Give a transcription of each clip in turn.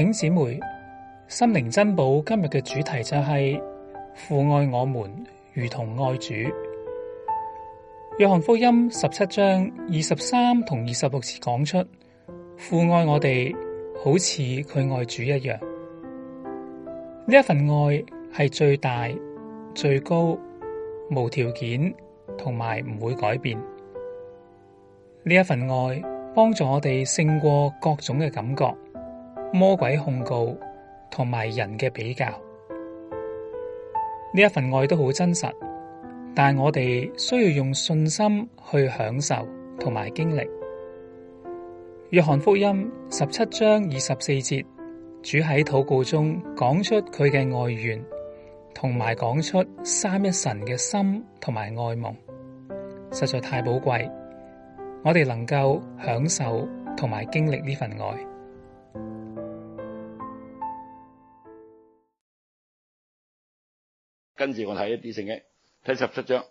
請兄姊妹，心靈珍寶今日嘅主題就係父愛我們如同愛主。約翰福音十七章二十三同二十六節講出，父愛我哋好似佢愛主一樣。呢一份愛係最大、最高、無條件，同埋唔會改變。呢一份愛幫助我哋勝過各種嘅感覺。魔鬼控告同埋人嘅比較，呢一份愛都好真實，但係，我哋需要用信心去享受同埋經歷。約翰福音十七章二十四節，主喺禱告中講出佢嘅愛願，同埋講出三一神嘅心同埋愛夢，實在太寶貴。我哋能夠享受同埋經歷呢份愛。跟住我睇一啲聖經，睇十七章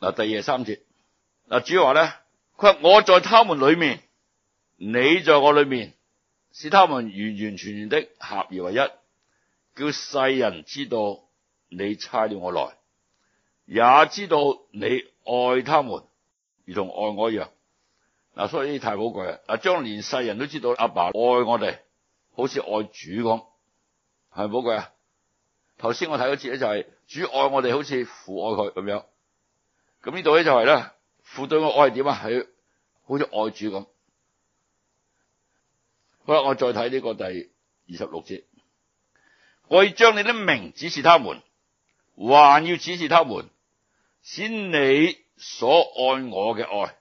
嗱，第二三節嗱，主話咧，佢話，我在他們裏面，你在我裏面，使他們完完全全的合而為一，叫世人知道你差了我來，也知道你愛他們，如同愛我一樣。嗱，所以太寶貴啊，嗱，將連世人都知道阿爸，爸愛我哋，好似愛主咁，係咪寶貴啊？頭先我睇嗰節咧就係、是。主愛我哋好似父愛佢咁樣，咁呢度咧就係咧，父對我愛係點啊？係好似愛主咁。好啦，我再睇呢個第二十六節，我要將你的名指示他們，還要指示他們，使你所愛我嘅愛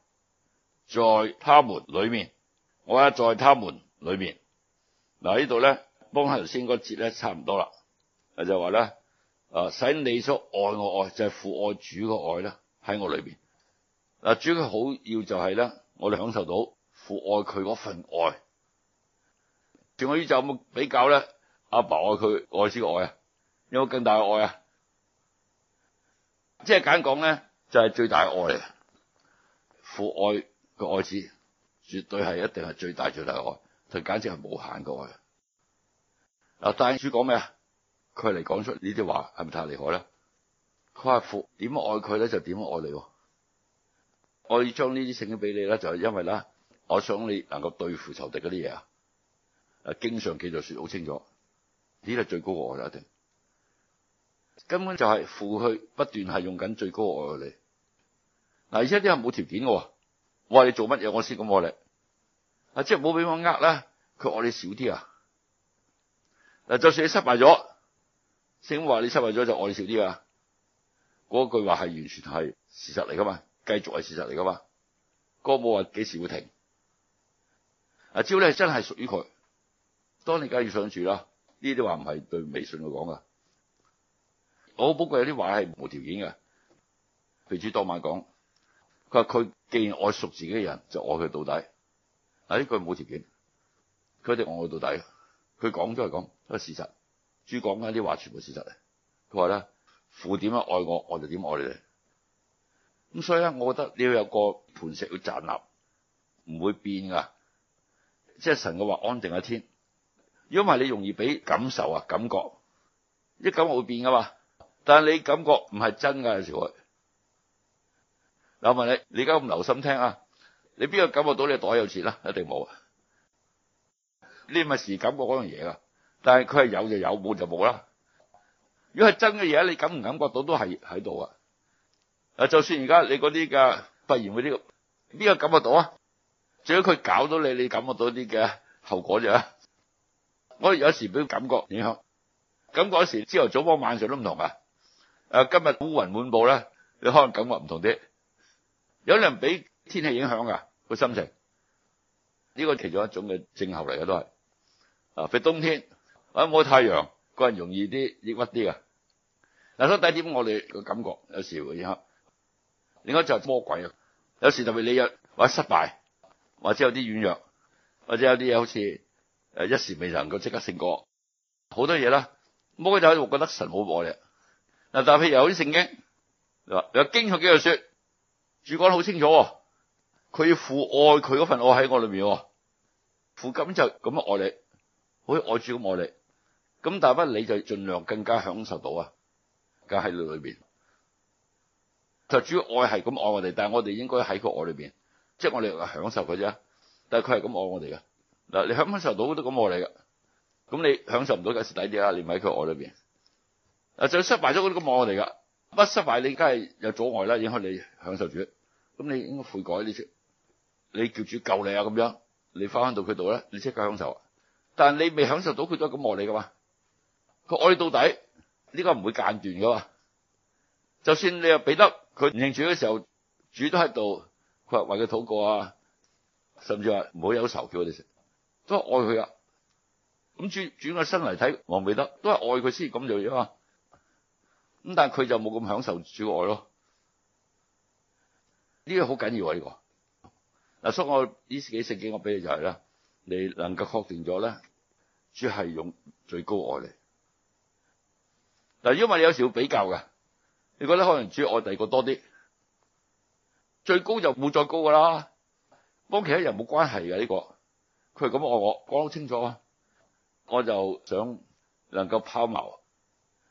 在他們裡面，我也在他們裡面。嗱呢度咧，幫下頭先嗰節咧，差唔多啦，就話咧。啊！使你所愛我愛，就係父愛主嘅愛啦。喺我裡邊嗱。主佢好要就係咧，我哋享受到父愛佢嗰份愛。仲可以就有比較咧？阿爸愛佢愛之愛啊，有冇更大嘅愛啊？即係簡講咧，就係最大嘅愛啊！父愛嘅愛子絕對係一定係最大最大嘅愛，就簡直係無限嘅愛。嗱，但係主講咩啊？佢嚟講出呢啲話係咪太厲害咧？佢話父點愛佢咧就點愛你，我要將呢啲聖經俾你咧就係因為咧，我想你能夠對付仇敵嗰啲嘢啊，啊經常記載說好清楚，呢個最高的愛就一定，根本就係父去不斷係用緊最高的愛愛你，嗱而家啲人冇條件嘅，我話你做乜嘢我先咁愛你，啊即係唔好俾我呃啦，佢愛你少啲啊，嗱就算你失敗咗。聖話你失敗咗就愛少啲啊！嗰句話係完全係事實嚟噶嘛，繼續係事實嚟噶嘛。哥冇話幾時會停啊？招咧真係屬於佢，當你梗係要想住啦。呢啲話唔係對微信佢講噶。我寶貴有啲話係無條件嘅，譬如主當晚講，佢話佢既然愛屬自己嘅人，就愛佢到底。啊呢句冇條件，佢一定愛佢到底。佢講咗係講，都係事實。主講緊啲話全部事實嚟。佢話咧，父點樣愛我，我就點愛你哋。咁所以咧，我覺得你要有個盤石要站立，唔會變噶。即係神嘅話安定一天。如果你容易俾感受啊感覺，一感覺會變噶嘛。但係你感覺唔係真噶，有時會。我問你，你而家咁留心聽啊！你邊個感覺到你袋有錢啦？一定冇啊！你咪時感覺嗰樣嘢噶。但係佢係有就有，冇就冇啦。如果係真嘅嘢，你感唔感覺到都係喺度啊！啊，就算而家你嗰啲嘅肺炎嗰啲，邊個感覺到啊？只要佢搞到你，你感覺到啲嘅後果啫。我有時俾感覺影響，感覺時，朝頭早幫晚上都唔同啊！啊，今日烏雲滿布咧，你可能感覺唔同啲。有啲人俾天氣影響啊，個心情呢個其中一種嘅症候嚟嘅都係啊，比冬天。啊，冇太陽，個人容易啲抑鬱啲㗎。嗱，所以第一點我哋嘅感覺有時會刻，另外就係魔鬼啊。有時特別你有或者失敗，或者有啲軟弱，或者有啲嘢好似誒一時未能夠即刻勝過，好多嘢啦。魔鬼就喺度覺得神好愛你。嗱，但譬如有啲聖經，係嘛？有經向佢又說，主講得好清楚，佢要父愛佢嗰份愛喺我裏面，喎，父根本就咁樣愛你，好似愛主咁愛你。咁但係不你就盡量更加享受到啊，梗喺你裏邊就主要愛係咁愛我哋，但係我哋應該喺佢愛裏邊，即係我哋享受佢啫。但係佢係咁愛我哋嘅嗱，你享，你享受到都咁愛你嘅，咁你享受唔到嘅，蝕底啲啦。你唔喺佢愛裏邊，啊就失敗咗都咁愛我哋嘅。乜失敗你梗係有阻礙啦，影響你享受住。咁你應該悔改，你即你叫主救你啊咁樣，你翻返到佢度咧，你即刻享受。但係你未享受到佢都係咁愛你噶嘛。佢愛到底，呢個唔會間斷㗎嘛。就算你又彼得佢唔認主嘅時候，主都喺度，佢話為佢禱告啊，甚至話唔好憂愁，叫我哋食都係愛佢啊。咁轉轉個身嚟睇王彼得都係愛佢先咁做啊。咁但係佢就冇咁享受主愛咯。呢、這個好緊要啊！呢、這個嗱、啊，所以我呢幾聖經我俾你就係、是、啦，你能夠確定咗咧，主係用最高愛嚟。但因為你有時要比較噶，你覺得可能主愛第二個多啲，最高就冇再高噶啦。幫其他人冇關係噶呢個，佢係咁愛我，講清楚啊，我就想能夠拋錨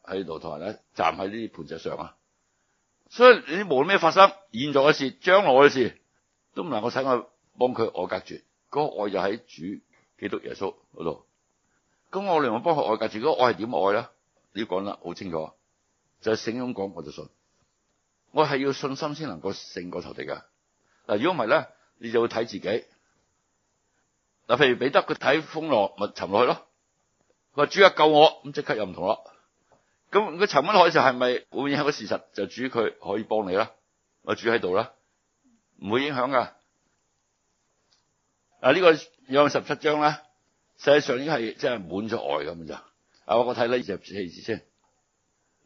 喺度，同人咧站喺呢啲磐石上啊。所以你無論咩發生，現在嘅事、將來嘅事，都唔能夠使我幫佢愛隔絕，嗰個愛就喺主基督耶穌嗰度。咁我哋我幫佢愛隔絕？嗰個愛係點愛咧？你講得好清楚，就係醒咁講，我就信。我係要信心先能夠勝過仇敵噶。嗱，如果唔係咧，你就會睇自己。嗱，譬如彼得佢睇風浪，咪沉落去咯。佢話主啊救我，咁即刻又唔同咯。咁佢沉翻落去就係咪會影響個事實？就主佢可以幫你啦，我主喺度啦，唔會影響噶。嗱、這、呢個約十七章咧，實際上已經係即係滿咗愛咁咋。我睇呢二十四節先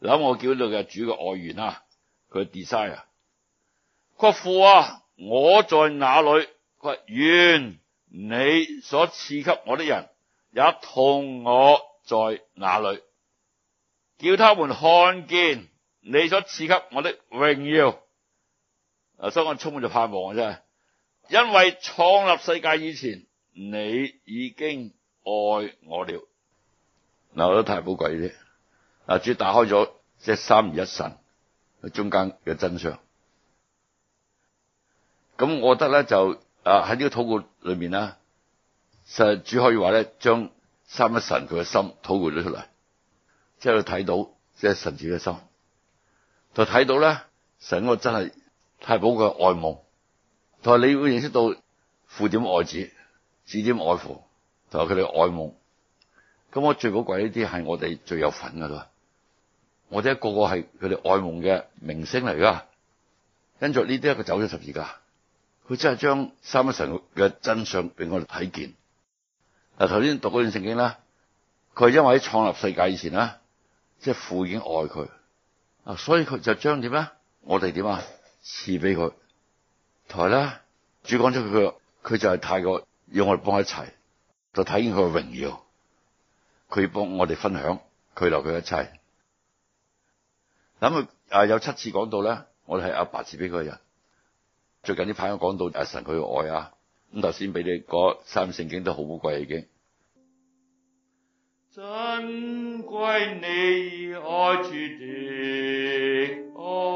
諗我叫佢嘅主嘅外援啊，佢 design 啊，個父啊，我在哪裡？佢願你所賜給我的人也同我在哪裡？叫他們看見你所賜給我的榮耀。啊，所以我充滿着盼望嘅啫，因為創立世界以前，你已經愛我了。嗱，我覺得太寶貴啲。主主打開咗即係三而一神，中間嘅真相。咁我覺得咧就啊喺呢個禱告裡面啦，實主可以話咧將三一神佢嘅心禱告咗出嚟，即係睇到即係神主嘅心，同埋睇到咧成個真係太寶貴嘅愛慕，同埋你會認識到父點愛子，子點愛父，同埋佢哋嘅愛慕。咁我最寶貴呢啲係我哋最有份噶啦，我哋一個個係佢哋愛慕嘅明星嚟噶，跟住呢啲一個走咗十字架，佢真係將三一神嘅真相俾我哋睇見。嗱，頭先讀嗰段聖經啦，佢係因為喺創立世界以前啦，即係父已經愛佢，啊，所以佢就將點咧？我哋點啊？賜俾佢，同埋啦！主講咗佢，佢就係太過要我哋幫佢一齊，就睇見佢嘅榮耀。佢要幫我哋分享，佢留佢一切。諗佢啊，有七次講到咧，我哋係阿爸賜俾佢嘅人。最近呢排講到阿神佢嘅愛啊，咁頭先俾你嗰三聖經都好好貴已經。珍貴你以愛主的愛。